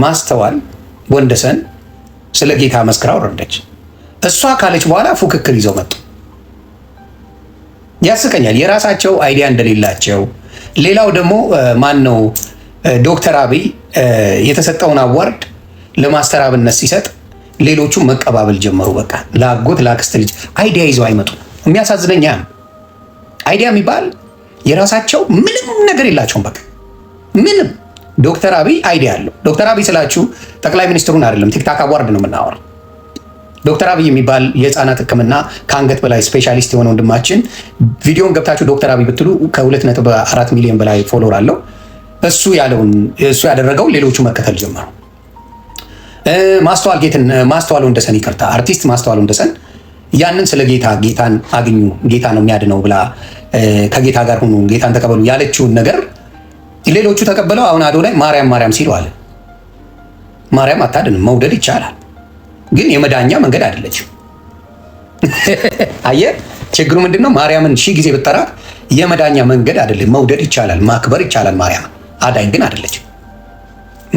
ማስተዋል ወንደሰን ስለ ጌታ መስክራ ወረደች። እሷ ካለች በኋላ ፉክክር ይዘው መጡ። ያስቀኛል። የራሳቸው አይዲያ እንደሌላቸው ሌላው ደግሞ ማን ነው ዶክተር አብይ የተሰጠውን አዋርድ ለማስተር አብነት ሲሰጥ ሌሎቹ መቀባበል ጀመሩ። በቃ ለአጎት ለአክስት ልጅ አይዲያ ይዘው አይመጡ። የሚያሳዝነኛ አይዲያ የሚባል የራሳቸው ምንም ነገር የላቸውም። በቃ ምንም ዶክተር አብይ አይዲያ አለው። ዶክተር አብይ ስላችሁ ጠቅላይ ሚኒስትሩን አይደለም፣ ቲክታክ አዋርድ ነው የምናወራው። ዶክተር አብይ የሚባል የህፃናት ሕክምና ከአንገት በላይ ስፔሻሊስት የሆነ ወንድማችን ቪዲዮን ገብታችሁ ዶክተር አብይ ብትሉ ከ2.4 ሚሊዮን በላይ ፎሎወር አለው። እሱ ያለውን እሱ ያደረገው ሌሎቹ መከተል ጀመሩ። ማስተዋል ጌትን ማስተዋል ወንደሰን ይቅርታ፣ አርቲስት ማስተዋል ወንደሰን ያንን ስለ ጌታ ጌታን አግኙ ጌታ ነው የሚያድነው ብላ ከጌታ ጋር ሁኑ ጌታን ተቀበሉ ያለችውን ነገር ሌሎቹ ተቀበለው አሁን አዶናይ ማርያም ማርያም ሲሉ አለ። ማርያም አታድንም። መውደድ ይቻላል፣ ግን የመዳኛ መንገድ አይደለችም። አየ ችግሩ ምንድን ነው? ማርያምን ሺህ ጊዜ ብጠራት የመዳኛ መንገድ አይደለም። መውደድ ይቻላል፣ ማክበር ይቻላል። ማርያም አዳኝ ግን አይደለችም፣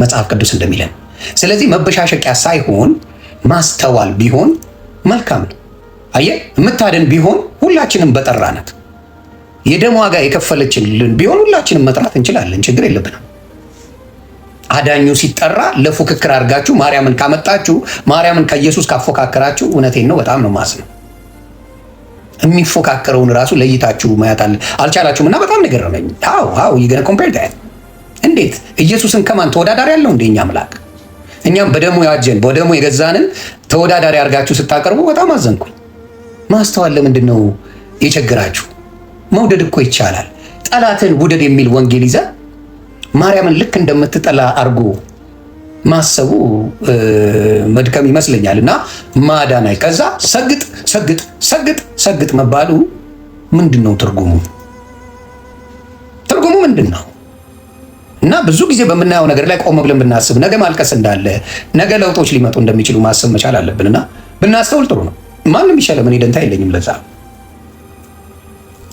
መጽሐፍ ቅዱስ እንደሚለን። ስለዚህ መበሻሸቂያ ሳይሆን ማስተዋል ቢሆን መልካም ነው። አየህ የምታድን ቢሆን ሁላችንም በጠራናት የደም ዋጋ የከፈለችልን ቢሆን ሁላችንም መጥራት እንችላለን። ችግር የለብንም። አዳኙ ሲጠራ ለፉክክር አድርጋችሁ ማርያምን ካመጣችሁ ማርያምን ከኢየሱስ ካፎካከራችሁ፣ እውነቴን ነው በጣም ነው ማዝ ነው የሚፎካከረውን ራሱ ለይታችሁ ማያት አልቻላችሁም። እና በጣም ነገር ነው ው ው ይገነ ኮምፔር እንዴት ኢየሱስን ከማን ተወዳዳሪ ያለው እንደ እኛ አምላክ እኛም በደሙ ያጀን በደሙ የገዛንን ተወዳዳሪ አድርጋችሁ ስታቀርቡ በጣም አዘንኩኝ። ማስተዋል ለምንድን ነው የቸግራችሁ? መውደድ እኮ ይቻላል። ጠላትን ውደድ የሚል ወንጌል ይዘ ማርያምን ልክ እንደምትጠላ አድርጎ ማሰቡ መድከም ይመስለኛል። እና ማዳናይ ከዛ ሰግጥ ሰግጥ ሰግጥ ሰግጥ መባሉ ምንድን ነው ትርጉሙ? ትርጉሙ ምንድን ነው? እና ብዙ ጊዜ በምናየው ነገር ላይ ቆመ ብለን ብናስብ ነገ ማልቀስ እንዳለ ነገ ለውጦች ሊመጡ እንደሚችሉ ማሰብ መቻል አለብን። እና ብናስተውል ጥሩ ነው። ማንም ይሻለ ምን ደንታ የለኝም ለዛ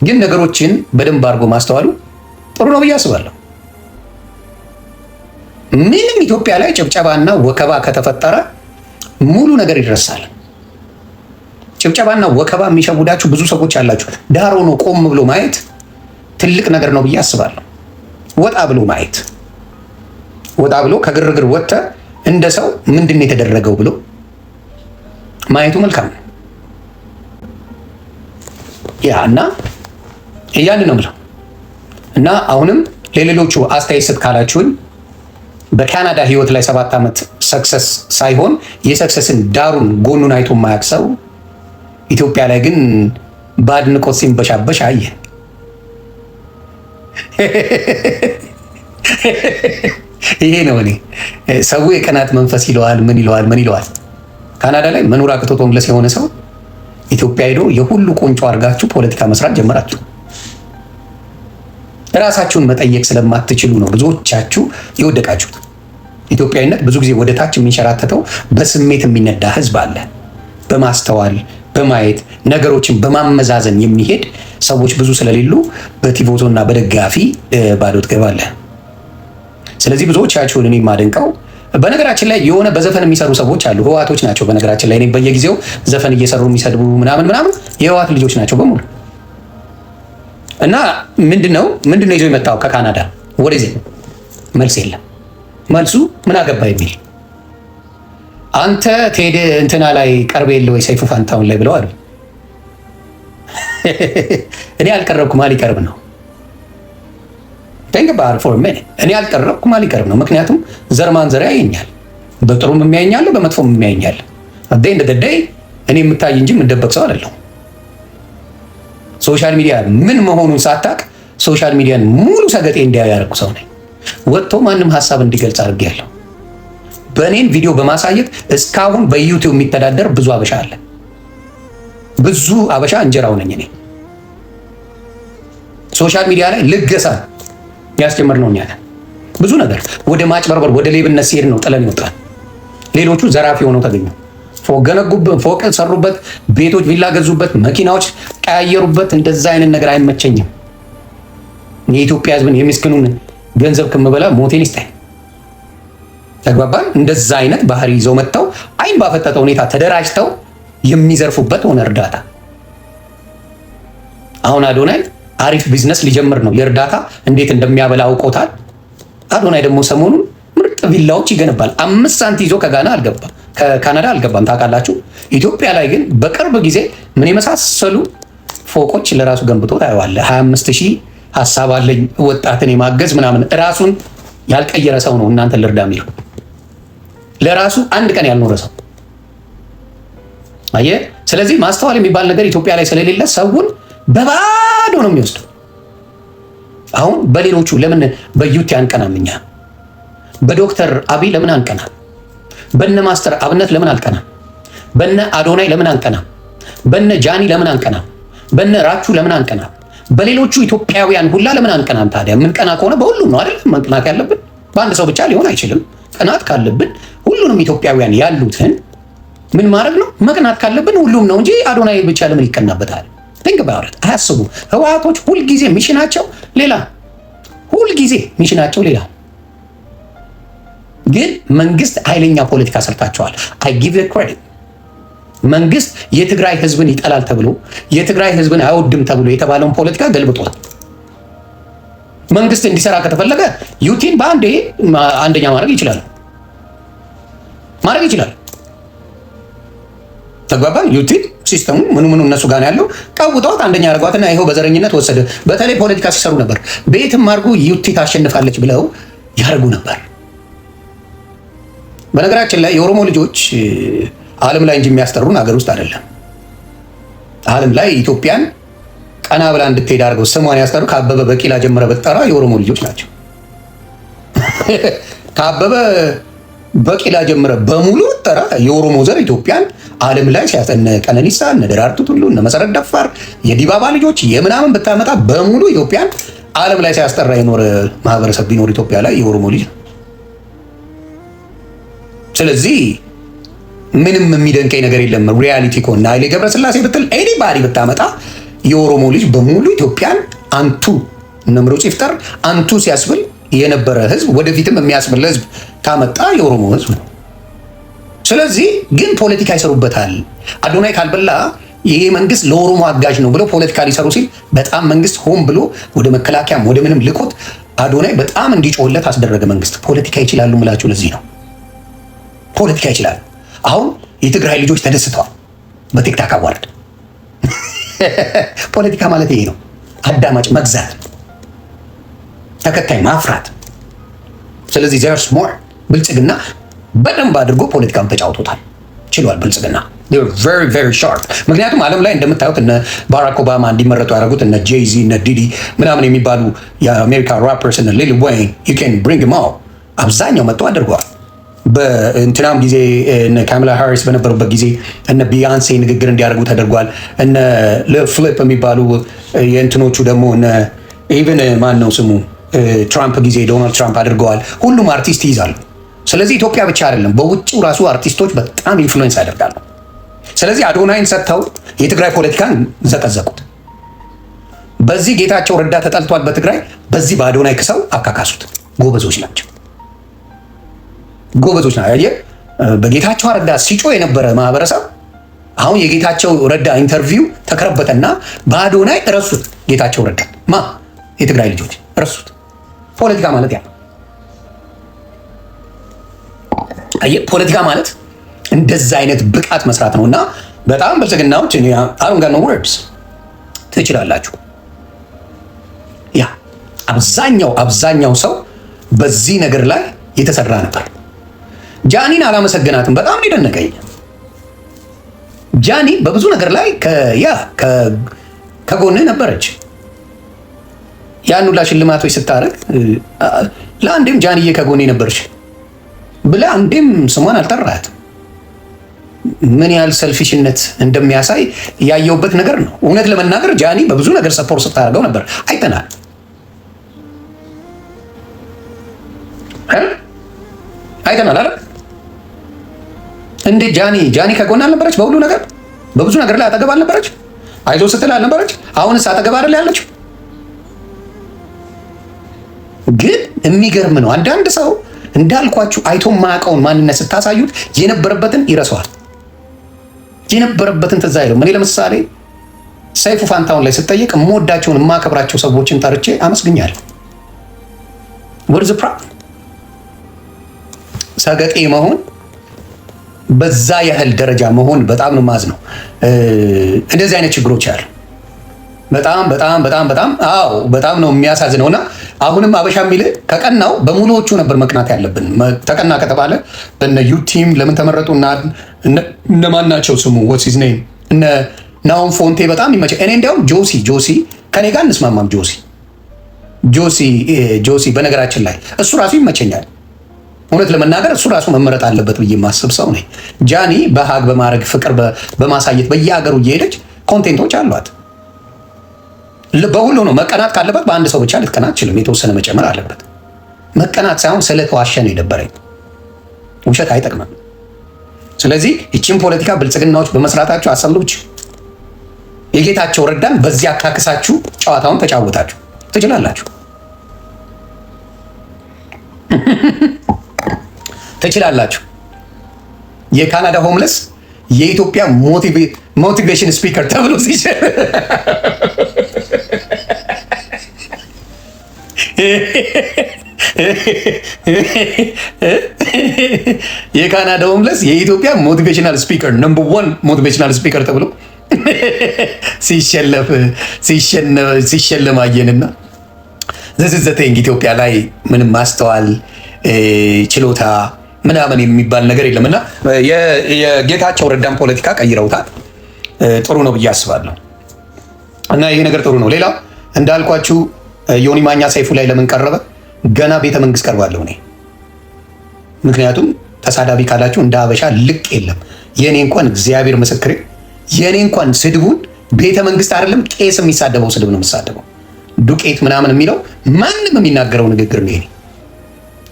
ግን ነገሮችን በደንብ አድርጎ ማስተዋሉ ጥሩ ነው ብዬ አስባለሁ። ምንም ኢትዮጵያ ላይ ጭብጨባና ወከባ ከተፈጠረ ሙሉ ነገር ይረሳል? ጭብጨባና ወከባ የሚሸውዳችሁ ብዙ ሰዎች አላችሁ። ዳር ሆኖ ቆም ብሎ ማየት ትልቅ ነገር ነው ብዬ አስባለሁ። ወጣ ብሎ ማየት ወጣ ብሎ ከግርግር ወጥተ እንደ ሰው ምንድን የተደረገው ብሎ ማየቱ መልካም ነው ያ እና እያልን ነው ብለው እና አሁንም ለሌሎቹ አስተያየት ስጥ ካላችሁን በካናዳ ህይወት ላይ ሰባት ዓመት ሰክሰስ ሳይሆን የሰክሰስን ዳሩን ጎኑን አይቶ የማያውቅ ሰው ኢትዮጵያ ላይ ግን በአድንቆት ሲንበሻበሽ አየ። ይሄ ነው እኔ ሰው የቀናት መንፈስ ይለዋል። ምን ይለዋል? ምን ይለዋል? ካናዳ ላይ መኖር አቅቶት ሆምለስ የሆነ ሰው ኢትዮጵያ ሄዶ የሁሉ ቁንጮ አድርጋችሁ ፖለቲካ መስራት ጀመራችሁ። ራሳችሁን መጠየቅ ስለማትችሉ ነው ብዙዎቻችሁ የወደቃችሁት። ኢትዮጵያዊነት ብዙ ጊዜ ወደ ታች የሚንሸራተተው በስሜት የሚነዳ ህዝብ አለ። በማስተዋል በማየት ነገሮችን በማመዛዘን የሚሄድ ሰዎች ብዙ ስለሌሉ በቲቮቶ እና በደጋፊ ባዶ ትገባለህ። ስለዚህ ብዙዎቻችሁን እኔ የማደንቀው በነገራችን ላይ የሆነ በዘፈን የሚሰሩ ሰዎች አሉ። ህዋቶች ናቸው። በነገራችን ላይ እኔ በየጊዜው ዘፈን እየሰሩ የሚሰድቡ ምናምን ምናምን የህዋት ልጆች ናቸው በሙሉ እና ምንድነው ምንድነው ይዞ የመጣው ከካናዳ ወደዚህ መልስ የለም። መልሱ ምን አገባ የሚል አንተ ቴድ እንትና ላይ ቀርበ የለ ወይ ሰይፉ ፋንታውን ላይ ብለው አሉ። እኔ አልቀረብኩ ማ ሊቀርብ ነው? ቴንክ ባህር ፎር ሜ እኔ አልቀረብኩ ማ ሊቀርብ ነው? ምክንያቱም ዘርማን ዘር ያየኛል፣ በጥሩም የሚያየኛል፣ በመጥፎም የሚያየኛል። ደ እንደ ደዳይ እኔ የምታይ እንጂ የምደበቅ ሰው አይደለሁም። ሶሻል ሚዲያ ምን መሆኑን ሳታቅ ሶሻል ሚዲያን ሙሉ ሰገጤ እንዲያዩ ያደረኩ ሰው ነኝ። ወጥቶ ማንም ሀሳብ እንዲገልጽ አድርጌያለሁ። በእኔን ቪዲዮ በማሳየት እስካሁን በዩቲዩብ የሚተዳደር ብዙ አበሻ አለ። ብዙ አበሻ እንጀራው ነኝ እኔ። ሶሻል ሚዲያ ላይ ልገሳ ያስጀምር ነው እኛ ብዙ ነገር ወደ ማጭበርበር ወደ ሌብነት ሲሄድ ነው ጥለን ይወጣል። ሌሎቹ ዘራፊ ሆነው ተገኘው። ፎቅ ገነጉበት፣ ፎቅ ሰሩበት፣ ቤቶች ቪላ ገዙበት፣ መኪናዎች ቀያየሩበት። እንደዛ አይነት ነገር አይመቸኝም። የኢትዮጵያ ሕዝብን የሚስክኑን ገንዘብ ከምበላ ሞቴን ይስጠኝ። ተግባባን። እንደዛ አይነት ባህሪ ይዘው መጥተው አይን ባፈጠጠ ሁኔታ ተደራጅተው የሚዘርፉበት ሆነ እርዳታ። አሁን አዶናይ አሪፍ ቢዝነስ ሊጀምር ነው። የእርዳታ እንዴት እንደሚያበላ አውቆታል። አዶናይ ደግሞ ሰሞኑን ምርጥ ቪላዎች ይገነባል። አምስት ሳንቲም ይዞ ከጋና አልገባም። ከካናዳ አልገባም ታውቃላችሁ። ኢትዮጵያ ላይ ግን በቅርብ ጊዜ ምን የመሳሰሉ ፎቆች ለራሱ ገንብቶ ታየዋለ። 25 ሺህ ሀሳብ አለኝ ወጣትን የማገዝ ምናምን ራሱን ያልቀየረ ሰው ነው እናንተ ልርዳ የሚለው ለራሱ አንድ ቀን ያልኖረ ሰው አየ። ስለዚህ ማስተዋል የሚባል ነገር ኢትዮጵያ ላይ ስለሌለ ሰውን በባዶ ነው የሚወስደው። አሁን በሌሎቹ ለምን በዩቲ አንቀናምኛ? በዶክተር አብይ ለምን አንቀናል? በነ ማስተር አብነት ለምን አንቀና? በነ አዶናይ ለምን አንቀና? በነ ጃኒ ለምን አንቀና? በነ ራቹ ለምን አንቀና? በሌሎቹ ኢትዮጵያውያን ሁላ ለምን አንቀና ታዲያ ምን ቀና ከሆነ በሁሉም ነው አይደለም መንቀናት ያለብን። በአንድ ሰው ብቻ ሊሆን አይችልም። ቅናት ካለብን ሁሉንም ኢትዮጵያውያን ያሉትን ምን ማድረግ ነው? መቅናት ካለብን ሁሉም ነው እንጂ አዶናይ ብቻ ለምን ይቀናበታል? ቲንክ አባውት አያስቡ። ህወሓቶች ሁልጊዜ ሚሽናቸው ሌላ፣ ሁልጊዜ ሚሽናቸው ሌላ ግን መንግስት ኃይለኛ ፖለቲካ ሰርታቸዋል። አይ ጊቭ ክሬዲት። መንግስት የትግራይ ህዝብን ይጠላል ተብሎ የትግራይ ህዝብን አይወድም ተብሎ የተባለውን ፖለቲካ ገልብጧል። መንግስት እንዲሰራ ከተፈለገ ዩቲን በአንዴ አንደኛ ማድረግ ይችላል ማድረግ ይችላል። ተግባባ ዩቲን ሲስተሙ ምኑ ምኑ እነሱ ጋር ያለው ቀውጠዋት አንደኛ ያደርጓትና ይኸው በዘረኝነት ወሰደ። በተለይ ፖለቲካ ሲሰሩ ነበር። ቤትም አድርጉ ዩቲ ታሸንፋለች ብለው ያደርጉ ነበር። በነገራችን ላይ የኦሮሞ ልጆች ዓለም ላይ እንጂ የሚያስጠሩን ሀገር ውስጥ አይደለም። ዓለም ላይ ኢትዮጵያን ቀና ብላ እንድትሄድ አድርገው ስሟን ያስጠሩ ከአበበ በቂላ ጀምረ በጠራ የኦሮሞ ልጆች ናቸው። ከአበበ በቂላ ጀምረ በሙሉ በጠራ የኦሮሞ ዘር ኢትዮጵያን ዓለም ላይ ሲያስጠ ቀነኒሳ እነ ደራርቱ ቱሉ እነ መሰረት ደፋር የዲባባ ልጆች የምናምን ብታመጣ በሙሉ ኢትዮጵያን ዓለም ላይ ሲያስጠራ የኖረ ማህበረሰብ ቢኖር ኢትዮጵያ ላይ የኦሮሞ ልጅ ነው። ስለዚህ ምንም የሚደንቀኝ ነገር የለም። ሪያሊቲ ከሆነ ኃይሌ ገብረስላሴ ብትል ኤኒባዲ ብታመጣ የኦሮሞ ልጅ በሙሉ ኢትዮጵያን አንቱ ነምሮ ይፍጠር አንቱ ሲያስብል የነበረ ህዝብ ወደፊትም የሚያስብል ህዝብ ካመጣ የኦሮሞ ህዝብ ነው። ስለዚህ ግን ፖለቲካ ይሰሩበታል። አዶናይ ካልበላ ይሄ መንግስት ለኦሮሞ አጋዥ ነው ብለው ፖለቲካ ሊሰሩ ሲል በጣም መንግስት ሆን ብሎ ወደ መከላከያም ወደ ምንም ልኮት አዶናይ በጣም እንዲጮህለት አስደረገ። መንግስት ፖለቲካ ይችላሉ ምላቸው ለዚህ ነው። ፖለቲካ ይችላሉ። አሁን የትግራይ ልጆች ተደስተዋል በቲክታክ አዋርድ። ፖለቲካ ማለት ይሄ ነው፣ አዳማጭ መግዛት፣ ተከታይ ማፍራት። ስለዚህ ዘርስ ሞር ብልጽግና በደንብ አድርጎ ፖለቲካውን ተጫውቶታል ችሏል። ብልጽግና ቨሪ ቨሪ ሻርፕ። ምክንያቱም ዓለም ላይ እንደምታዩት እነ ባራክ ኦባማ እንዲመረጡ ያደረጉት እነ ጄይዚ እነ ዲዲ ምናምን የሚባሉ የአሜሪካ ራፐርስ እነ ሊል ወይን ዩ ብሪንግ ማው አብዛኛው መጥቶ አድርገዋል። በእንትናም ጊዜ ካምላ ሃሪስ በነበሩበት ጊዜ እነ ቢያንሴ ንግግር እንዲያደርጉ ተደርጓል። እነ ፍሊፕ የሚባሉ የእንትኖቹ ደግሞ ኢቨን ማን ነው ስሙ ትራምፕ ጊዜ ዶናልድ ትራምፕ አድርገዋል። ሁሉም አርቲስት ይይዛሉ። ስለዚህ ኢትዮጵያ ብቻ አይደለም፣ በውጭው ራሱ አርቲስቶች በጣም ኢንፍሉዌንስ ያደርጋሉ። ስለዚህ አዶናይን ሰጥተው የትግራይ ፖለቲካን ዘቀዘቁት። በዚህ ጌታቸው ረዳ ተጠልቷል በትግራይ በዚህ በአዶናይ ክሰው አካካሱት። ጎበዞች ናቸው። ጎበዞች ና በጌታቸው ረዳ ሲጮ የነበረ ማህበረሰብ አሁን የጌታቸው ረዳ ኢንተርቪው ተከረበተና በአዶናይ ረሱት። ጌታቸው ረዳ ማ የትግራይ ልጆች ረሱት። ፖለቲካ ማለት ያ ፖለቲካ ማለት እንደዛ አይነት ብቃት መስራት ነው። እና በጣም ብልጽግናዎች አሩንጋ ነው ወርድስ ትችላላችሁ። ያ አብዛኛው አብዛኛው ሰው በዚህ ነገር ላይ የተሰራ ነበር። ጃኒን አላመሰገናትም። በጣም ነው ጃኒ በብዙ ነገር ላይ ያ ከጎንህ ነበረች። ያን ሁላ ሽልማቶች ስታደርግ ለአንዴም ጃንዬ ከጎኔ ነበረች ብለህ አንዴም ስሟን አልጠራትም። ምን ያህል ሰልፊሽነት እንደሚያሳይ ያየውበት ነገር ነው። እውነት ለመናገር ጃኒ በብዙ ነገር ሰፖርት ስታደርገው ነበር፣ አይተናል። አይተናል አለ እንዴት ጃኒ ጃኒ ከጎን አልነበረች? በሁሉ ነገር በብዙ ነገር ላይ አጠገብ አልነበረች? አይዞ ስትል አልነበረች? አሁንስ አጠገብ አይደል ያለችው? ግን የሚገርም ነው። አንዳንድ ሰው እንዳልኳችሁ አይቶ ማያውቀውን ማንነት ስታሳዩት የነበረበትን ይረሰዋል? የነበረበትን ትዝ አይልም። እኔ ለምሳሌ ሰይፉ ፋንታሁን ላይ ስጠይቅ የምወዳቸውን የማከብራቸው ሰዎችን ጠርቼ አመስግኛለሁ። ወርዝ ፕራ ሰገጤ መሆን በዛ ያህል ደረጃ መሆን በጣም ነው ማዝ ነው። እንደዚህ አይነት ችግሮች አሉ። በጣም በጣም በጣም በጣም አዎ፣ በጣም ነው የሚያሳዝነው። እና አሁንም አበሻ የሚል ከቀናው በሙሉዎቹ ነበር መቅናት ያለብን። ተቀና ከተባለ በነ ዩቲም ለምን ተመረጡ? እነማን ናቸው ስሙ ወሲዝ ነ እነ ናሁን ፎንቴ በጣም ይመቸ። እኔ እንዲያውም ጆሲ ጆሲ ከኔ ጋር እንስማማም። ጆሲ ጆሲ ጆሲ በነገራችን ላይ እሱ ራሱ ይመቸኛል። እውነት ለመናገር እሱ ራሱ መመረጥ አለበት ብዬ የማስብ ሰው ነኝ። ጃኒ በሀግ በማድረግ ፍቅር በማሳየት በየሀገሩ እየሄደች ኮንቴንቶች አሏት። በሁሉ ነው መቀናት ካለበት በአንድ ሰው ብቻ ልትቀናት ችልም። የተወሰነ መጨመር አለበት። መቀናት ሳይሆን ስለተዋሸ ነው የደበረኝ። ውሸት አይጠቅምም። ስለዚህ ይችን ፖለቲካ ብልጽግናዎች በመስራታችሁ አሰሎች የጌታቸው ረዳን በዚህ አካክሳችሁ ጨዋታውን ተጫወታችሁ ትችላላችሁ። ትችላላችሁ። የካናዳ ሆምለስ የኢትዮጵያ ሞቲቬሽን ስፒከር ተብሎ ሲሸር የካናዳ ሆምለስ የኢትዮጵያ ሞቲቬሽናል ስፒከር ነምበር ዋን ሞቲቬሽናል ስፒከር ተብሎ ሲሸለፍ ሲሸለም አየንና ዘዝዘተኝ ኢትዮጵያ ላይ ምንም ማስተዋል ችሎታ ምናምን የሚባል ነገር የለም እና የጌታቸው ረዳን ፖለቲካ ቀይረውታል። ጥሩ ነው ብዬ አስባለሁ እና ይሄ ነገር ጥሩ ነው። ሌላ እንዳልኳችሁ ዮኒ ማኛ ሰይፉ ላይ ለምን ቀረበ? ገና ቤተ መንግስት ቀርባለሁ እኔ። ምክንያቱም ተሳዳቢ ካላችሁ እንደ ሀበሻ ልቅ የለም። የእኔ እንኳን እግዚአብሔር ምስክሬ፣ የእኔ እንኳን ስድቡን ቤተ መንግስት አይደለም ቄስ የሚሳደበው ስድብ ነው የምሳደበው። ዱቄት ምናምን የሚለው ማንም የሚናገረው ንግግር ነው ይሄ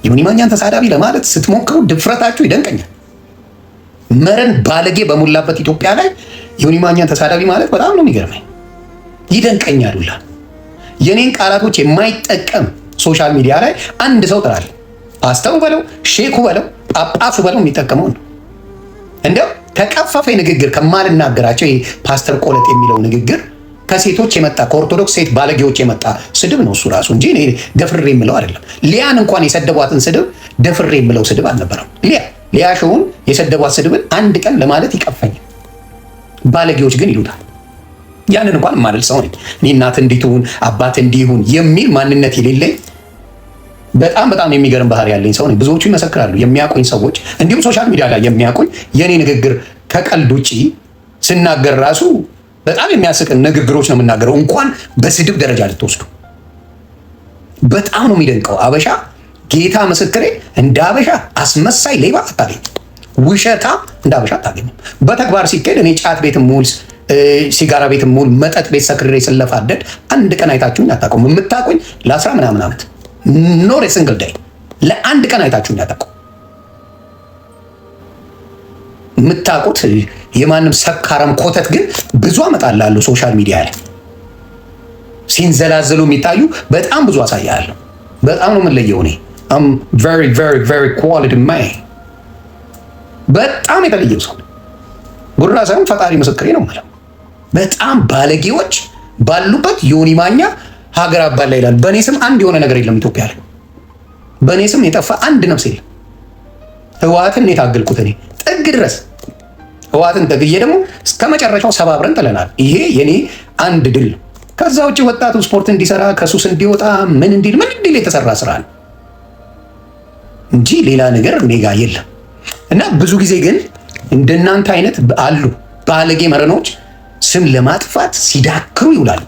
ይሁን ማኛን ተሳዳቢ ለማለት ስትሞክሩ ድፍረታችሁ ይደንቀኛል። መረን ባለጌ በሞላበት ኢትዮጵያ ላይ ይሁን ማኛን ተሳዳቢ ማለት በጣም ነው የሚገርመኝ፣ ይደንቀኛል። ሁላ የኔን ቃላቶች የማይጠቀም ሶሻል ሚዲያ ላይ አንድ ሰው ጥራል ፓስተሩ በለው ሼኩ በለው ጳጳሱ በለው የሚጠቀመው ነው። እንደው ተቀፋፋይ ንግግር ከማልናገራቸው ፓስተር ቆለጥ የሚለው ንግግር ከሴቶች የመጣ ከኦርቶዶክስ ሴት ባለጌዎች የመጣ ስድብ ነው እሱ ራሱ እንጂ እኔ ደፍሬ የምለው አይደለም። ሊያን እንኳን የሰደቧትን ስድብ ደፍሬ የምለው ስድብ አልነበረም። ሊያ ሊያ ሽውን የሰደቧት ስድብን አንድ ቀን ለማለት ይቀፈኛል። ባለጌዎች ግን ይሉታል። ያንን እንኳን የማልል ሰው ነኝ እኔ። እናት እንዲትሁን አባት እንዲሁን የሚል ማንነት የሌለኝ በጣም በጣም የሚገርም ባህሪ ያለኝ ሰው ነኝ። ብዙዎቹ ይመሰክራሉ። የሚያቆኝ ሰዎች እንዲሁም ሶሻል ሚዲያ ላይ የሚያቆኝ የእኔ ንግግር ከቀልድ ውጭ ስናገር ራሱ በጣም የሚያስቅ ንግግሮች ነው የምናገረው። እንኳን በስድብ ደረጃ ልትወስዱ በጣም ነው የሚደንቀው። አበሻ ጌታ ምስክሬ፣ እንደ አበሻ አስመሳይ ሌባ አታገኝም። ውሸታ እንደ አበሻ አታገኝም። በተግባር ሲካሄድ እኔ ጫት ቤት ሙል፣ ሲጋራ ቤት ሙል፣ መጠጥ ቤት ሰክሬ ስለፋደድ አንድ ቀን አይታችሁኝ አታውቁም። የምታውቁኝ ለአስራ ምናምን ዓመት ኖር የስንግል ዳይ ለአንድ ቀን አይታችሁኝ አታውቁም። የምታውቁት የማንም ሰካራም ኮተት ግን ብዙ አመጣላለሁ። ሶሻል ሚዲያ ላይ ሲንዘላዘሉ የሚታዩ በጣም ብዙ አሳያለሁ። በጣም ነው የምለየው እኔ ኳሊቲ በጣም የተለየው ሰው ጉራ ሳይሆን ፈጣሪ ምስክሬ ነው ማለት በጣም ባለጌዎች ባሉበት ዮኒ ማኛ ሀገር አባላ ይላል። በእኔ ስም አንድ የሆነ ነገር የለም ኢትዮጵያ ላይ በእኔ ስም የጠፋ አንድ ነፍስ የለም። ህወሓትን የታገልኩት እኔ ጥግ ድረስ ህወሓትን ደግዬ ደግሞ እስከ መጨረሻው ሰባብረን ጥለናል። ይሄ የኔ አንድ ድል ነው። ከዛ ውጭ ወጣቱ ስፖርት እንዲሰራ ከሱስ እንዲወጣ ምን እንዲል ምን እንዲል የተሰራ ስራ ነው እንጂ ሌላ ነገር እኔ ጋ የለም። እና ብዙ ጊዜ ግን እንደናንተ አይነት አሉ ባለጌ መረኖች ስም ለማጥፋት ሲዳክሩ ይውላሉ።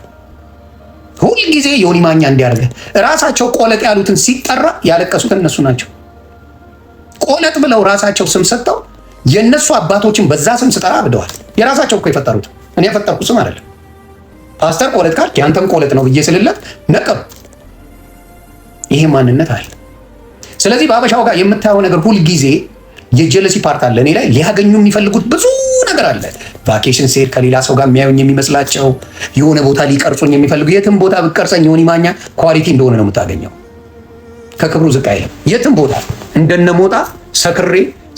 ሁልጊዜ ዮኒ ማኛ እንዲያደርገ ራሳቸው ቆለጥ ያሉትን ሲጠራ ያለቀሱት እነሱ ናቸው። ቆለጥ ብለው ራሳቸው ስም ሰጥተው የእነሱ አባቶችን በዛ ስም ስጠራ አብደዋል። የራሳቸው እኮ የፈጠሩት እኔ የፈጠርኩ ስም አይደለም። ፓስተር ቆለጥ ካል ያንተም ቆለጥ ነው ብዬ ስልለት ነቀሩ። ይሄ ማንነት አለ። ስለዚህ በአበሻው ጋር የምታየው ነገር ሁልጊዜ የጀለሲ ፓርት አለ። እኔ ላይ ሊያገኙ የሚፈልጉት ብዙ ነገር አለ። ቫኬሽን ስሄድ ከሌላ ሰው ጋር የሚያዩኝ የሚመስላቸው የሆነ ቦታ ሊቀርጹኝ የሚፈልጉ የትም ቦታ ብቀርጸኝ የሆን ማኛ ኳሊቲ እንደሆነ ነው የምታገኘው። ከክብሩ ዝቅ አይልም። የትም ቦታ እንደነሞጣ ሰክሬ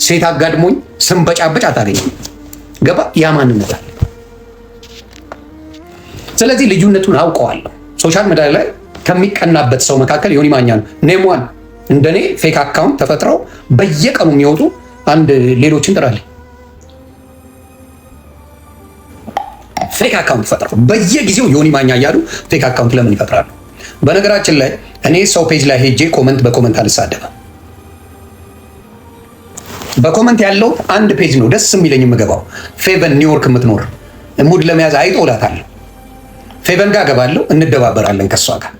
ሴት አጋድሞኝ ስንበጫበጭ አታገኝ ገባ? ያ ማንነት አለ። ስለዚህ ልዩነቱን አውቀዋለሁ። ሶሻል ሚዲያ ላይ ከሚቀናበት ሰው መካከል ዮኒ ማኛ ነው። ኔሟን እንደኔ ፌክ አካውንት ተፈጥረው በየቀኑ የሚወጡ አንድ ሌሎችን ጥራለኝ ፌክ አካውንት ይፈጥራሉ። በየጊዜው ዮኒ ማኛ እያሉ ፌክ አካውንት ለምን ይፈጥራሉ? በነገራችን ላይ እኔ ሰው ፔጅ ላይ ሄጄ ኮመንት በኮመንት አልሳደበም። በኮመንት ያለው አንድ ፔጅ ነው ደስ የሚለኝ የምገባው። ፌቨን ኒውዮርክ የምትኖር ሙድ ለመያዝ አይጦላታለሁ። ፌቨን ጋር ገባለሁ፣ እንደባበራለን ከእሷ ጋር።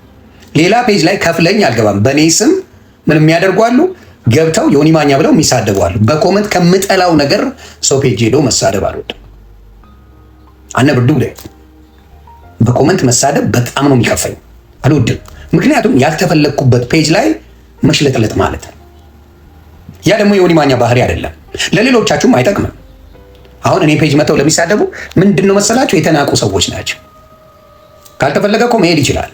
ሌላ ፔጅ ላይ ከፍለኝ አልገባም። በእኔ ስም ምን የሚያደርጓሉ ገብተው ዮኒ ማኛ ብለው የሚሳደቧሉ። በኮመንት ከምጠላው ነገር ሰው ፔጅ ሄዶ መሳደብ አልወድም። አነብርዱ ላይ በኮመንት መሳደብ በጣም ነው የሚከፈኝ፣ አልወድም። ምክንያቱም ያልተፈለግኩበት ፔጅ ላይ መሽለጥለጥ ማለት ነው። ያ ደግሞ የዮኒ ማኛ ባህሪ አይደለም፣ ለሌሎቻችሁም አይጠቅምም። አሁን እኔ ፔጅ መተው ለሚሳደቡ ምንድን ነው መሰላችሁ? የተናቁ ሰዎች ናቸው። ካልተፈለገ እኮ መሄድ ይችላል።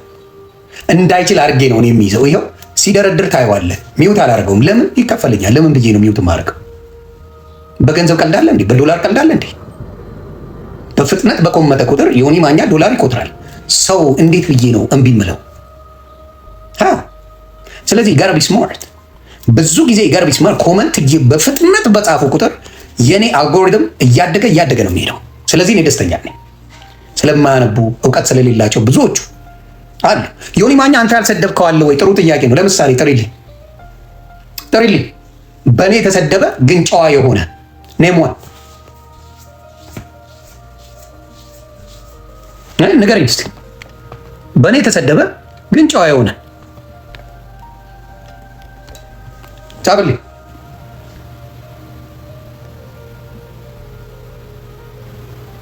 እንዳይችል አድርጌ ነው የሚይዘው። ይኸው ሲደረድር ታየዋለህ። ሚውት አላደርገውም። ለምን ይከፈልኛል? ለምን ብዬ ነው ሚውት ማድረግ? በገንዘብ ቀልዳለ እንዴ? በዶላር ቀልዳለ እንዴ? በፍጥነት በቆመጠ ቁጥር ዮኒ ማኛ ዶላር ይቆጥራል። ሰው እንዴት ብዬ ነው እምቢ ምለው? ስለዚህ ጋር ቢ ስማርት ብዙ ጊዜ የጋርቤጅ ስሜል ኮመንት በፍጥነት በጻፉ ቁጥር የኔ አልጎሪትም እያደገ እያደገ ነው የሚሄደው። ስለዚህ እኔ ደስተኛ ነኝ። ስለማያነቡ እውቀት ስለሌላቸው ብዙዎቹ አሉ። ዮኒ ማኛ አንተ ያልሰደብከዋለ ወይ? ጥሩ ጥያቄ ነው። ለምሳሌ ጥሪልኝ ጥሪልኝ በእኔ የተሰደበ ግን ጨዋ የሆነ ኔሞን ንገረኝ እስኪ በእኔ የተሰደበ ግን ጨዋ የሆነ ተብሌ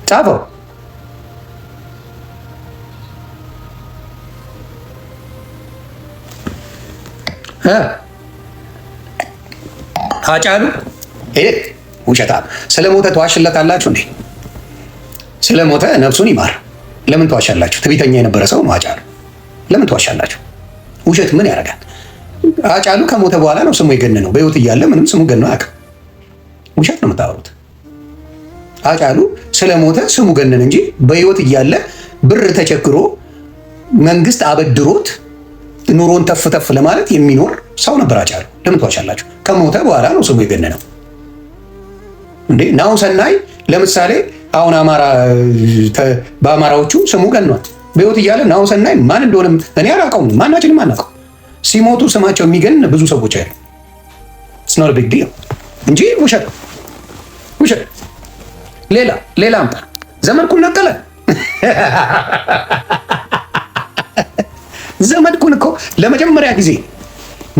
ጻፈው። ሀጫሉ ሄደት ውሸታ ስለ ሞተ ተዋሽለታላችሁ እንዴ? ስለ ሞተ ነፍሱን ይማር። ለምን ተዋሻላችሁ? ትዕቢተኛ የነበረ ሰው ነው ሀጫሉ። ለምን ተዋሻላችሁ? ውሸት ምን ያደርጋል? አጫሉ ከሞተ በኋላ ነው ስሙ የገነ ነው። በህይወት እያለ ምንም ስሙ ገኖ አያውቅም። ውሸት ነው የምታወሩት። አጫሉ ስለሞተ ስሙ ገነን እንጂ በህይወት እያለ ብር ተቸግሮ መንግስት አበድሮት ኑሮን ተፍ ተፍ ለማለት የሚኖር ሰው ነበር አጫሉ። ለምን ትዋሻላችሁ? ከሞተ በኋላ ነው ስሙ የገነ ነው እንዴ። ናው ሰናይ ለምሳሌ አሁን አማራ በአማራዎቹ ስሙ ገኗል። በህይወት እያለ ናው ሰናይ ማን እንደሆነ እኔ አላውቀውም። ማናችንም አናውቀው ሲሞቱ ስማቸው የሚገን ብዙ ሰዎች አሉ። ስኖር ቢግ ዲል እንጂ ውሸት ውሸት። ሌላ ሌላ አምጣ። ዘመድኩን ነቀለ። ዘመድኩን እኮ ለመጀመሪያ ጊዜ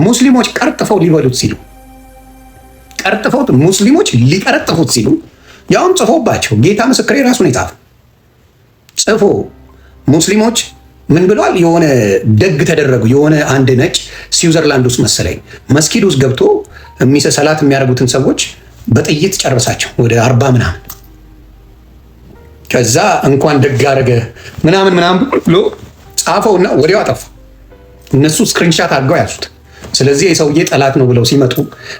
ሙስሊሞች ቀርጥፈው ሊበሉት ሲሉ ቀርጥፈውት ሙስሊሞች ሊቀረጥፉት ሲሉ ያውም ጽፎባቸው ጌታ ምስክሬ ራሱን የጻፈ ጽፎ ሙስሊሞች ምን ብሏል? የሆነ ደግ ተደረጉ። የሆነ አንድ ነጭ ስዊዘርላንድ ውስጥ መሰለኝ መስጊድ ውስጥ ገብቶ ሰላት የሚያደርጉትን ሰዎች በጥይት ጨርሳቸው ወደ አርባ ምናምን ከዛ እንኳን ደግ አደረገ ምናምን ምናምን ብሎ እና ወዲያው አጠፋ። እነሱ ስክሪንሻት አድርገው ያዙት። ስለዚህ የሰውዬ ጠላት ነው ብለው ሲመጡ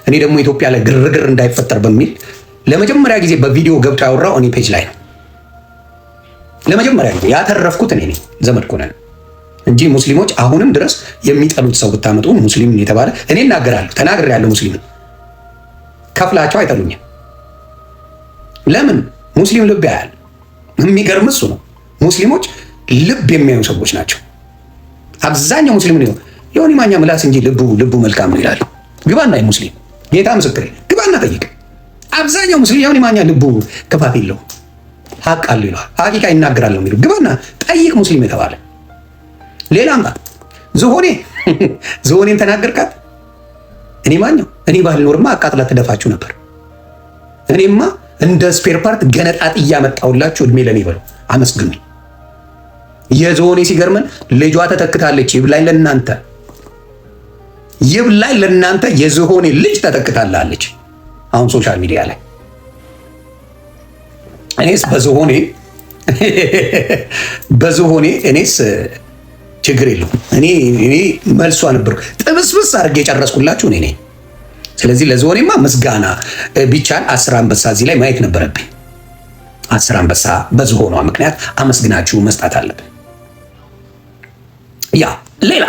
እኔ ደግሞ ኢትዮጵያ ላይ ግርግር እንዳይፈጠር በሚል ለመጀመሪያ ጊዜ በቪዲዮ ገብቶ ያወራው እኔ ፔጅ ላይ ነው። ለመጀመሪያ ጊዜ ያተረፍኩት እኔ ነኝ። ዘመድ ኮነ እንጂ ሙስሊሞች አሁንም ድረስ የሚጠሉት ሰው ብታመጡ ሙስሊም የተባለ እኔ እናገራለሁ፣ ተናግሬያለሁ። ሙስሊምን ከፍላቸው አይጠሉኝም። ለምን ሙስሊም ልብ ያያል። የሚገርም እሱ ነው። ሙስሊሞች ልብ የሚያዩ ሰዎች ናቸው። አብዛኛው ሙስሊም ነው የሆነ ማኛ ምላስ እንጂ ልቡ ልቡ መልካም ነው ይላሉ። ግባና ሙስሊም ጌታ ምስክሬ፣ ግባና ጠይቅ። አብዛኛው ሙስሊም የሆነ ማኛ ልቡ ክፋት የለውም። አቃሉ ይለዋል። ሀቂቃ ይናገራል ነው የሚሉ ግባና ጠይቅ ሙስሊም የተባለ ሌላ አምጣ። ዝሆኔ ዝሆኔን ተናገርካት። እኔ ማነው እኔ ባልኖርማ አቃጥላ ትደፋችሁ ነበር። እኔማ እንደ ስፔር ፓርት ገነጣጥ እያመጣሁላችሁ እድሜ ለኔ በለው አመስግኑ። የዝሆኔ ሲገርመን ልጇ ተተክታለች። ይብላኝ ለእናንተ ይብላኝ ለእናንተ የዝሆኔ ልጅ ተተክታላለች። አሁን ሶሻል ሚዲያ ላይ እኔስ በዝሆኔ በዝሆኔ እኔስ ችግር የለው እኔ እኔ መልሷ ነበርኩ ጥብስብስ አድርጌ የጨረስኩላችሁ እኔ ስለዚህ ለዝሆኔማ ምስጋና ቢቻል አስር አንበሳ እዚህ ላይ ማየት ነበረብኝ። አስር አንበሳ በዝሆኗ ምክንያት አመስግናችሁ መስጣት አለብን። ያ ሌላ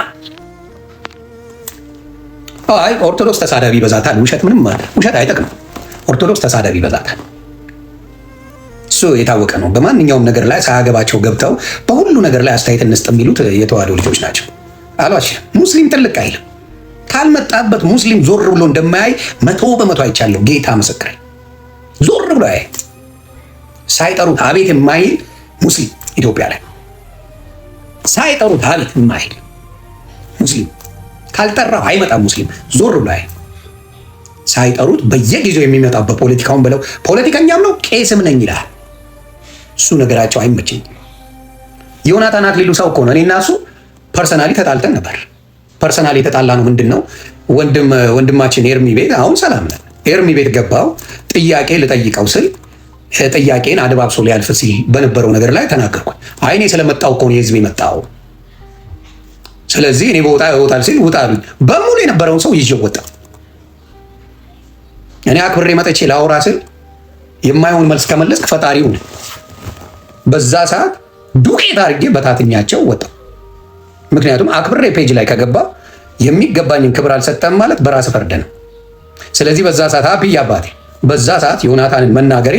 አይ ኦርቶዶክስ ተሳዳቢ ይበዛታል። ውሸት ምንም ውሸት አይጠቅም። ኦርቶዶክስ ተሳዳቢ ይበዛታል። እሱ የታወቀ ነው። በማንኛውም ነገር ላይ ሳያገባቸው ገብተው በሁሉ ነገር ላይ አስተያየት እንስጥ የሚሉት የተዋህዶ ልጆች ናቸው። አሏች ሙስሊም ጥልቅ አይልም። ካልመጣበት ሙስሊም ዞር ብሎ እንደማያይ መቶ በመቶ አይቻለሁ። ጌታ ምስክር ዞር ብሎ አያይ ሳይጠሩት አቤት የማይል ሙስሊም ኢትዮጵያ ላይ ሳይጠሩት አቤት የማይል ሙስሊም ካልጠራው አይመጣም። ሙስሊም ዞር ብሎ አያይ ሳይጠሩት በየጊዜው የሚመጣበት ፖለቲካውን ብለው ፖለቲከኛም ነው ቄስም ነኝ ይላል። እሱ ነገራቸው አይመችኝ። ዮናታን አክሊሉ ሰው ከሆነ እኔ እሱ ፐርሰናሊ ተጣልተን ነበር። ፐርሰናሊ የተጣላ ነው ምንድን ነው ወንድማችን ኤርሚ ቤት አሁን ሰላም ነን። ኤርሚ ቤት ገባው ጥያቄ ልጠይቀው ስል ጥያቄን አድባብሶ ሊያልፍ ሲል በነበረው ነገር ላይ ተናገርኩ። አይ እኔ ስለመጣው ከሆነ የህዝብ የመጣው ስለዚህ እኔ በወጣ ይወጣል ሲል ውጣ አሉኝ። በሙሉ የነበረውን ሰው ይዤው ወጣ። እኔ አክብሬ መጠቼ ለአውራ ስል የማይሆን መልስ ከመለስክ ፈጣሪውን በዛ ሰዓት ዱቄት አድርጌ በታትኛቸው ወጣ። ምክንያቱም አክብሬ ፔጅ ላይ ከገባ የሚገባኝን ክብር አልሰጠም ማለት በራስ ፈርደ ነው። ስለዚህ በዛ ሰዓት አብይ አባቴ በዛ ሰዓት ዮናታንን መናገሬ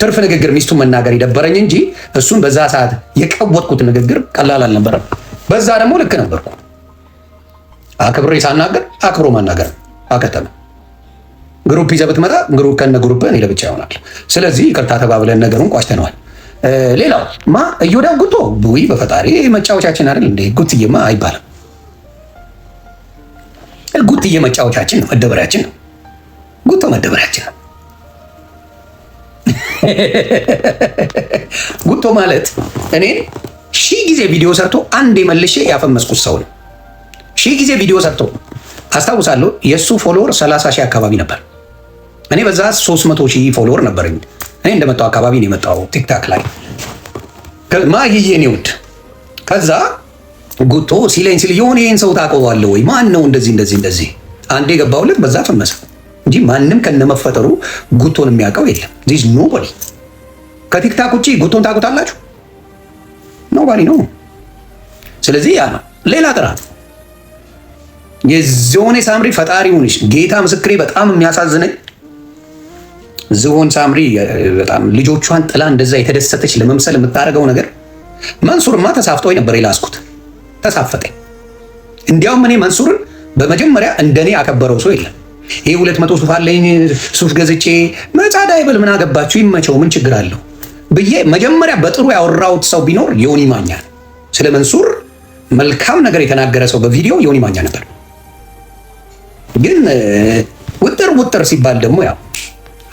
ትርፍ ንግግር ሚስቱን መናገር የደበረኝ እንጂ እሱን በዛ ሰዓት የቀወጥኩት ንግግር ቀላል አልነበረም። በዛ ደግሞ ልክ ነበርኩ። አክብሬ ሳናገር አክብሮ ማናገር አከተመ። ግሩፕ ይዘህ ብትመጣ ግሩፕ ከነ ግሩፕ እኔ ለብቻ ይሆናል። ስለዚህ ይቅርታ ተባብለን ነገሩን ቋጭተነዋል። ሌላው ማ እዮዳብ ጉቶ ብይ በፈጣሪ መጫወቻችን አይደል እንዴ? ጉትዬማ አይባልም። ጉትዬ መጫወቻችን ነው፣ መደበሪያችን ነው። ጉቶ መደበሪያችን ነው። ጉቶ ማለት እኔን ሺህ ጊዜ ቪዲዮ ሰርቶ አንድ መልሼ ያፈመስኩት ሰው ነው። ሺህ ጊዜ ቪዲዮ ሰርቶ አስታውሳለሁ። የእሱ ፎሎወር 30 ሺህ አካባቢ ነበር። እኔ በዛ 300 ሺህ ፎሎወር ነበረኝ። እኔ እንደመጣው አካባቢ ነው የመጣው ቲክታክ ላይ ማይዬ ኒውድ ከዛ ጉጦ ሲለኝ ሲል የሆነ ይህን ሰው ታውቀዋለህ ወይ? ማን ነው እንደዚህ እንደዚህ እንደዚህ የገባው ልክ በዛ ፈመሰ እንጂ ማንም ከነመፈጠሩ ጉቶን የሚያውቀው የለም። ዚስ ኖባዲ ከቲክታክ ውጭ ጉቶን ታውቁታላችሁ? ኖባዲ ነው። ስለዚህ ያ ነው ሌላ ጥራ የዚሆኔ ሳምሪ ፈጣሪ ሆንሽ ጌታ ምስክሬ በጣም የሚያሳዝነኝ ዝሆን ሳምሪ በጣም ልጆቿን ጥላ እንደዛ የተደሰተች ለመምሰል የምታደርገው ነገር መንሱርማ ተሳፍጦ ነበር የላስኩት ተሳፈጠ። እንዲያውም እኔ መንሱርን በመጀመሪያ እንደኔ አከበረው ሰው የለም። ይህ ሁለት መቶ ሱፍ አለኝ ሱፍ ገዝቼ መጻዳ ይበል ምን አገባችሁ ይመቸው ምን ችግር አለው ብዬ መጀመሪያ በጥሩ ያወራሁት ሰው ቢኖር ዮኒ ማኛ ነው። ስለ መንሱር መልካም ነገር የተናገረ ሰው በቪዲዮ ዮኒ ማኛ ነበር። ግን ውጥር ውጥር ሲባል ደግሞ ያው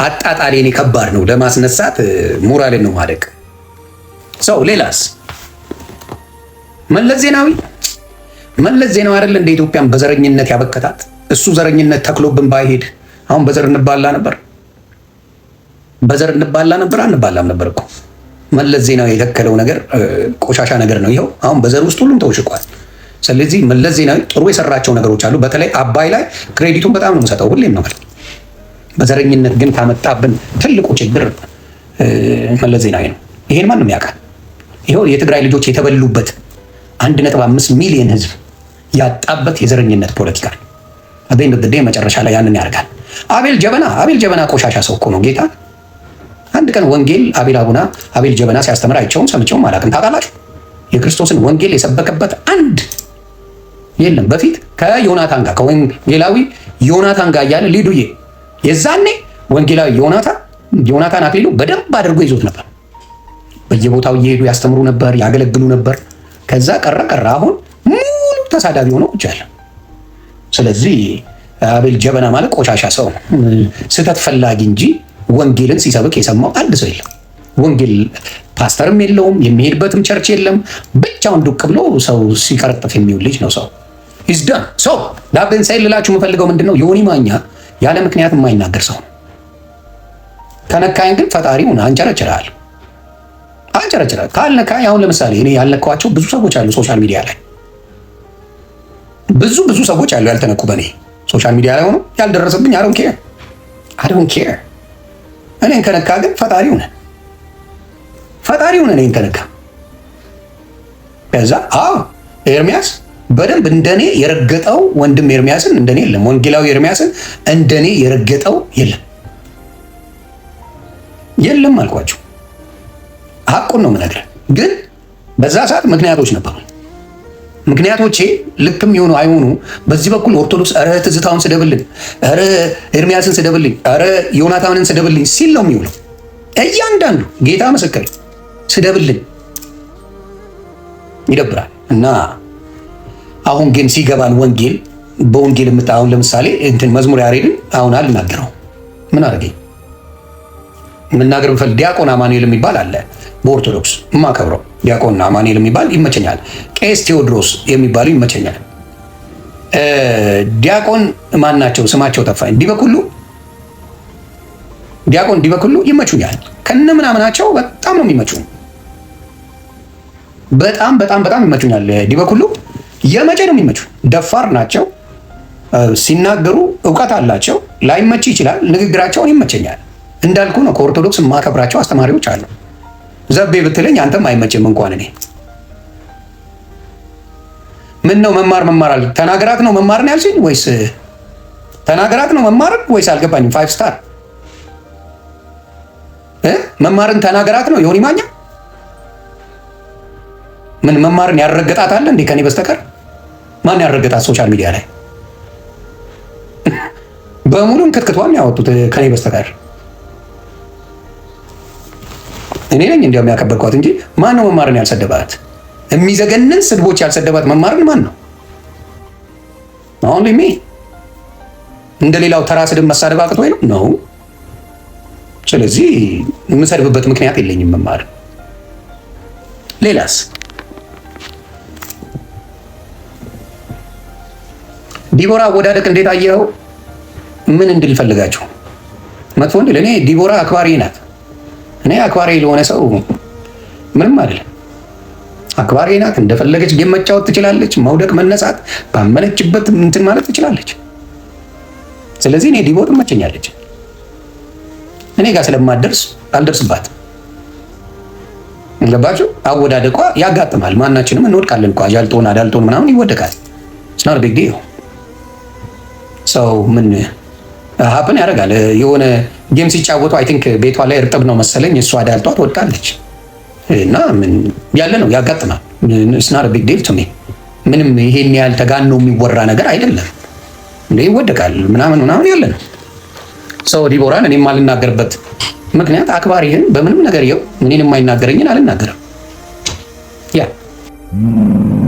አጣጣሌ እኔ ከባድ ነው ለማስነሳት ሞራልን ነው ማደቅ። ሰው ሌላስ መለስ ዜናዊ መለስ ዜናዊ አይደል እንደ ኢትዮጵያን በዘረኝነት ያበከታት። እሱ ዘረኝነት ተክሎብን ባይሄድ አሁን በዘር እንባላ ነበር፣ በዘር እንባላ ነበር፣ አንባላም ነበር እኮ መለስ ዜናዊ የተከለው ነገር ቆሻሻ ነገር ነው። ይኸው አሁን በዘር ውስጥ ሁሉም ተውሽቋል። ስለዚህ መለስ ዜናዊ ጥሩ የሰራቸው ነገሮች አሉ። በተለይ አባይ ላይ ክሬዲቱን በጣም ነው የምሰጠው፣ ሁሌም ነው በዘረኝነት ግን ካመጣብን ትልቁ ችግር መለስ ዜናዊ ነው። ይሄን ማንም ያውቃል። ይኸው የትግራይ ልጆች የተበሉበት አንድ ነጥብ አምስት ሚሊዮን ህዝብ ያጣበት የዘረኝነት ፖለቲካ አቤን መጨረሻ ላይ ያንን ያደርጋል። አቤል ጀበና አቤል ጀበና ቆሻሻ ሰው እኮ ነው። ጌታ አንድ ቀን ወንጌል አቤል አቡና አቤል ጀበና ሲያስተምር አይቸውም ሰምቸውም አላውቅም። ታውቃላችሁ የክርስቶስን ወንጌል የሰበከበት አንድ የለም። በፊት ከዮናታን ጋር ከወንጌላዊ ዮናታን ጋር እያለ ሊዱዬ የዛኔ ወንጌላዊ ዮናታን ዮናታን አክሊሉ በደንብ አድርጎ ይዞት ነበር። በየቦታው እየሄዱ ያስተምሩ ነበር፣ ያገለግሉ ነበር። ከዛ ቀረ ቀረ አሁን ሙሉ ተሳዳቢ ሆኖ ቁጭ ያለ። ስለዚህ አቤል ጀበና ማለት ቆሻሻ ሰው ነው፣ ስህተት ፈላጊ እንጂ ወንጌልን ሲሰብክ የሰማው አንድ ሰው የለም። ወንጌል ፓስተርም የለውም፣ የሚሄድበትም ቸርች የለም። ብቻውን ዱቅ ብሎ ሰው ሲቀረጥፍ የሚውል ልጅ ነው። ሰው ዳን ሰው ዳብን ሳይል ልላችሁ የምፈልገው ምንድን ነው ዮኒ ማኛ ያለ ምክንያት የማይናገር ሰው ነው። ከነካኝ ግን ፈጣሪውን አንጨረጭራል አንጨረጭራል ካልነካኝ። አሁን ለምሳሌ እኔ ያልነካኋቸው ብዙ ሰዎች አሉ ሶሻል ሚዲያ ላይ ብዙ ብዙ ሰዎች አሉ ያልተነኩ በእኔ ሶሻል ሚዲያ ላይ ሆኖ ያልደረሰብኝ አዶን ኬር አዶን ኬር። እኔን ከነካ ግን ፈጣሪ ነን ፈጣሪ ነን እኔን ከነካ ከዛ አዎ ኤርሚያስ በደንብ እንደኔ የረገጠው ወንድም ኤርሚያስን እንደኔ የለም። ወንጌላዊ ኤርሚያስን እንደኔ የረገጠው የለም የለም አልኳቸው። ሀቁን ነው የምነግርህ። ግን በዛ ሰዓት ምክንያቶች ነበሩ። ምክንያቶቼ ልክም የሆኑ አይሆኑ በዚህ በኩል ኦርቶዶክስ ኧረ ትዝታውን ስደብልኝ፣ ኧረ ኤርሚያስን ስደብልኝ፣ ኧረ ዮናታንን ስደብልኝ ሲል ነው የሚውለው። እያንዳንዱ ጌታ ምስክር ስደብልኝ ይደብራል እና አሁን ግን ሲገባን ወንጌል በወንጌል የምታ አሁን ለምሳሌ እንትን መዝሙር ያሬድን አሁን አልናገረው ምን አደረገኝ? መናገር ብፈል ዲያቆን አማኑኤል የሚባል አለ በኦርቶዶክስ የማከብረው ዲያቆን አማኑኤል የሚባል ይመቸኛል። ቄስ ቴዎድሮስ የሚባሉ ይመቸኛል። ዲያቆን ማን ናቸው? ስማቸው ጠፋ። እንዲበኩሉ ዲያቆን እንዲበኩሉ ይመቹኛል። ከነ ምናምናቸው በጣም ነው የሚመቹ። በጣም በጣም በጣም ይመቹኛል እንዲበኩሉ የመጨ ነው የሚመቹ። ደፋር ናቸው፣ ሲናገሩ እውቀት አላቸው። ላይመች ይችላል፣ ንግግራቸውን ይመቸኛል። እንዳልኩ ነው ከኦርቶዶክስ የማከብራቸው አስተማሪዎች አሉ። ዘቤ ብትለኝ አንተም አይመችም እንኳን እኔ ምን ነው መማር መማር አለ ተናገራት ነው መማርን ያልሽኝ ወይስ ተናገራት ነው መማርን ወይስ አልገባኝም። ፋይቭ ስታር መማርን ተናገራት ነው የሆን ይማኛ ምን መማርን ያረገጣት አለ እንዴ ከኔ በስተቀር ማን ያረገጣት ሶሻል ሚዲያ ላይ በሙሉ እንክትክቷን ያወጡት ከኔ በስተቀር እኔ ነኝ እንዲያውም ያከበድኳት እንጂ ማን ነው መማርን ያልሰደባት? የሚዘገንን ስድቦች ያልሰደባት መማርን ማን ነው? አሁን ሜ እንደ ሌላው ተራ ስድብ መሳደብ አቅቶ ወይም ነው። ስለዚህ የምሰድብበት ምክንያት የለኝም መማር ሌላስ ዲቦራ አወዳደቅ እንዴት አየኸው? ምን እንድል ፈልጋችሁ? መጥፎ እንድል እኔ ዲቦራ አክባሪ ናት። እኔ አክባሪ ለሆነ ሰው ምንም አይደለም። አክባሪ ናት። እንደፈለገች ጌም መጫወት ትችላለች። መውደቅ፣ መነሳት ባመነችበት እንትን ማለት ትችላለች። ስለዚህ እኔ ዲቦ ትመቸኛለች። እኔ ጋር ስለማደርስ አልደርስባትም። ለባችሁ አወዳደቋ ያጋጥማል። ማናችንም እንወድቃለን እኮ አጃልጦን አዳልጦን ምናምን ይወደቃል። ስናር ቤግዴ ሰው ምን ሀፕን ያደርጋል። የሆነ ጌም ሲጫወቱ አይ ቲንክ ቤቷ ላይ እርጥብ ነው መሰለኝ እሷ ዳልጧት ወድቃለች እና ምን ያለ ነው ያጋጥማል። ስናር ቢግ ዴል ቱሜ ምንም ይሄን ያህል ተጋኖ የሚወራ ነገር አይደለም። እንደ ይወደቃል ምናምን ምናምን ያለ ነው ሰው ዲቦራን እኔ አልናገርበት ምክንያት ይህን በምንም ነገር የው እኔን የማይናገረኝን አልናገርም ያ